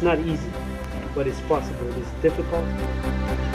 It's not easy, but it's possible. It's difficult.